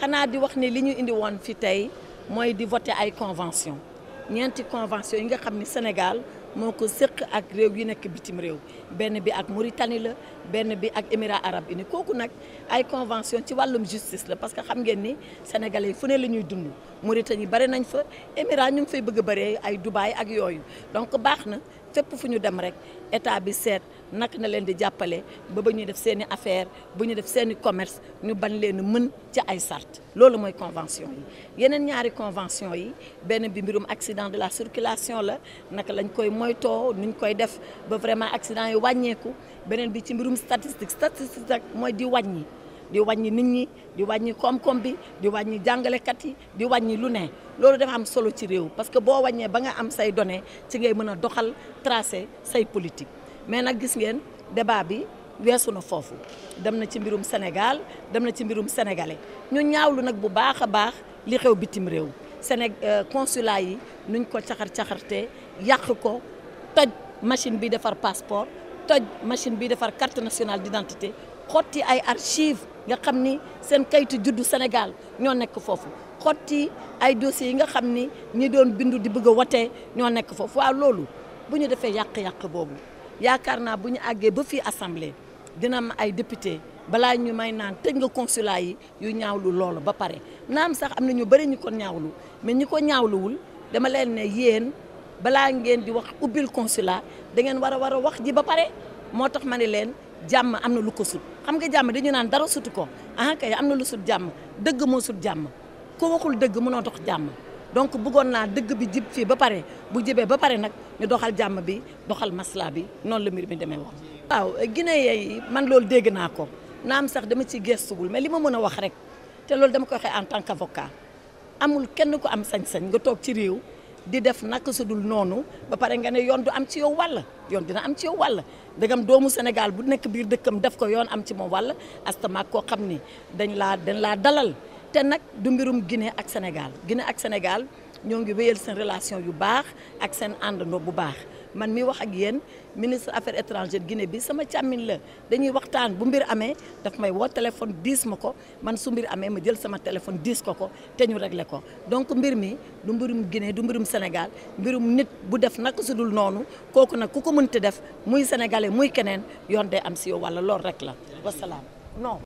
xanaa di wax ne li ñu indi woon fi tey mooy di voter ay convention ñeenti convention yi nga xam ni Sénégal moo ko sëq ak réew yu nekk bitim réew benn bi ak Mauritanie la benn bi ak Émirats arabes unis kooku nag ay convention ci wàllum justice la parce que xam ngeen ni sénégalais yi fu ne la ñuy dund Mauritanie bare nañ fa Émirats ñu ngi fay bëgg a bëree ay dubaay ak yooyu donc baax na fépp fu ñu dem rek état bi seet naka na leen di jàppale ba ba ñuy def seen i affaire bu ñu def seen i commerce ñu ban leen mën ci ay sart loolu mooy convention yi yeneen ñaari convention yi benn bi mbirum accident de la circulation la naka lañ koy moytoo nuñ koy def ba vraiment accident yi wàññeeku beneen bi ci mbirum statistique statistique rek mooy di wàññi di wàññi nit ñi di wàññi koom-koom bi di wàññi jàngalekat yi di wàññi lu ne loolu dafa am solo ci réew parce que boo wàññee ba nga am say données ci ngay mën a doxal tracer say politique mais nag gis ngeen débat bi weesu na foofu dem na ci mbirum Sénégal dem na ci mbirum sénégalais ñu ñaaw lu nag bu baax a baax li xew bitim réew Séné euh, consulat yi nuñ ko caxar caxarte yàq ko toj machine bi defar passeport toj machine bi defar carte nationale d'identité xotti ay archives nga xam ni seen kayitu juddu Sénégal ñoo nekk foofu xotti ay dossiers yi nga xam ni ñi doon bindu di bëgg a wote ñoo nekk foofu waaw loolu bu ñu defee yàq-yàq boobu yaakaar naa bu ñu àggee ba fii assemblée dina ma ay député balaa ñu may naan tëj nga consulat yi yu ñaawlu loolu ba pare naam sax am na ñu bëri ñu ko ñaawlu mais ñu ko ñaawluwul dama leen ne yéen balaa ngeen di wax ubbil consulat da ngeen war a war a wax ji ba pare moo tax ma ne leen jàmm am na lu ko sut xam nga jàmm dañu naan dara sutu ko ah kay am na lu sut jàmm dëgg moo sut jàmm ko waxul dëgg mënoo dox jàmm donc buggoon naa dëgg bi jib fii ba pare bu jibee ba pare nag ñu doxal jàmm bi doxal masla bi noonu la mbir mi demee wax waaw Guinée yi man loolu dégg naa ko naam sax dama ci gëstuwul mais li ma mën a wax rek te loolu dama ko waxee en tant qu'avocat amul kenn ku am sañ-sañ nga toog ci réew. di def naka su dul noonu ba pare nga ne yoon du am ci yow wàll yoon dina am ci yow wàll dëggam doomu Sénégal bu nekk biir dëkkam def ko yoon am ci moom wàll astamaak koo xam ni dañ laa dañ laa dalal te nag du mbirum Guinée ak Sénégal Guinée ak Sénégal ñoo ngi wéyal seen relation yu baax ak seen àndandoo bu baax man mi wax ak yéen ministre affaires étrangères Guinée bi sama càmmiñ la dañuy waxtaan bu mbir amee daf may woo téléphone diis ma ko man su mbir amee ma jël sama téléphone diis ko ko te ñu réglé ko donc mbir mi du mbirum Guinée du mbirum Sénégal mbirum nit bu def naka sudul noonu kooku nag ku ko mënti def muy sénégalais muy keneen yoon day am si yow wala lool rek la wasalaam non.